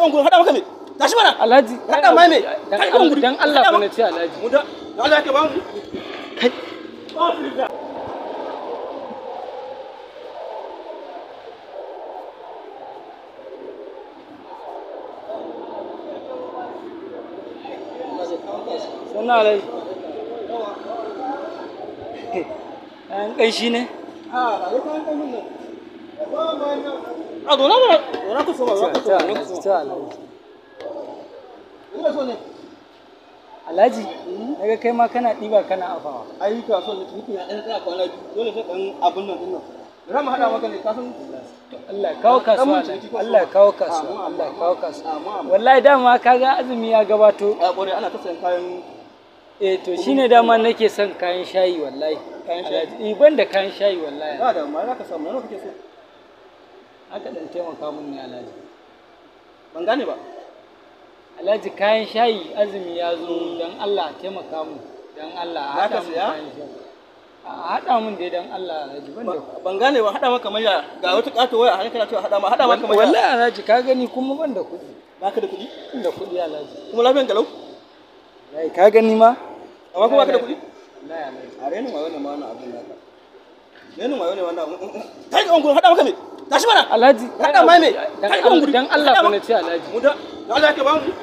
Ɗan gudu maka me? Tashi mana. Alhaji. Faɗa me? Kai Dan Allah na Alhaji. Mu da Allah ba mu. Kai. Alhaji. ne? A, ba a dona mana dona ko soma ku soma ku soma ina so ne Alhaji, daga kai ma kana ɗiba kana afawa. Ai ka so ne tuku ya ɗan tsaya kwana biyu dole sai ɗan abun nan ɗin nan. Ra mu haɗa maka ne ka san Allah kawo kasuwa Allah kawo kasuwa Allah kawo kasuwa wallahi dama kaga azumi ya gabato a kore ana ta sayan kayan eh to shine dama nake son kayan shayi wallahi kayan shayi ban da kayan shayi wallahi ba da ma za ka samu nawa kake so aka dan taimaka mun ne alhaji ban gane ba alhaji kayan shayi azumi ya zo don allah taimaka mu don allah a haka mu kayan a haɗa mun dai don allah alhaji ban da ban gane ba haɗa maka maya ga wata ƙato waya har kana cewa haɗa ma haɗa maka maya wallahi alhaji ka gani kuma ban da kuɗi ba ka da kuɗi ban da kuɗi alhaji kuma lafiyan galau wallahi ka gani ma amma kuma ka da kuɗi wallahi alhaji a renin wayo ne ma wannan abin naka renin wayo ne wannan abin mm, mm, mm. kai ga ungun haɗa maka ne tashi mana alhaji kada mai ne dan Allah dan Allah ku ne ce alhaji mu da Allah ka ba mu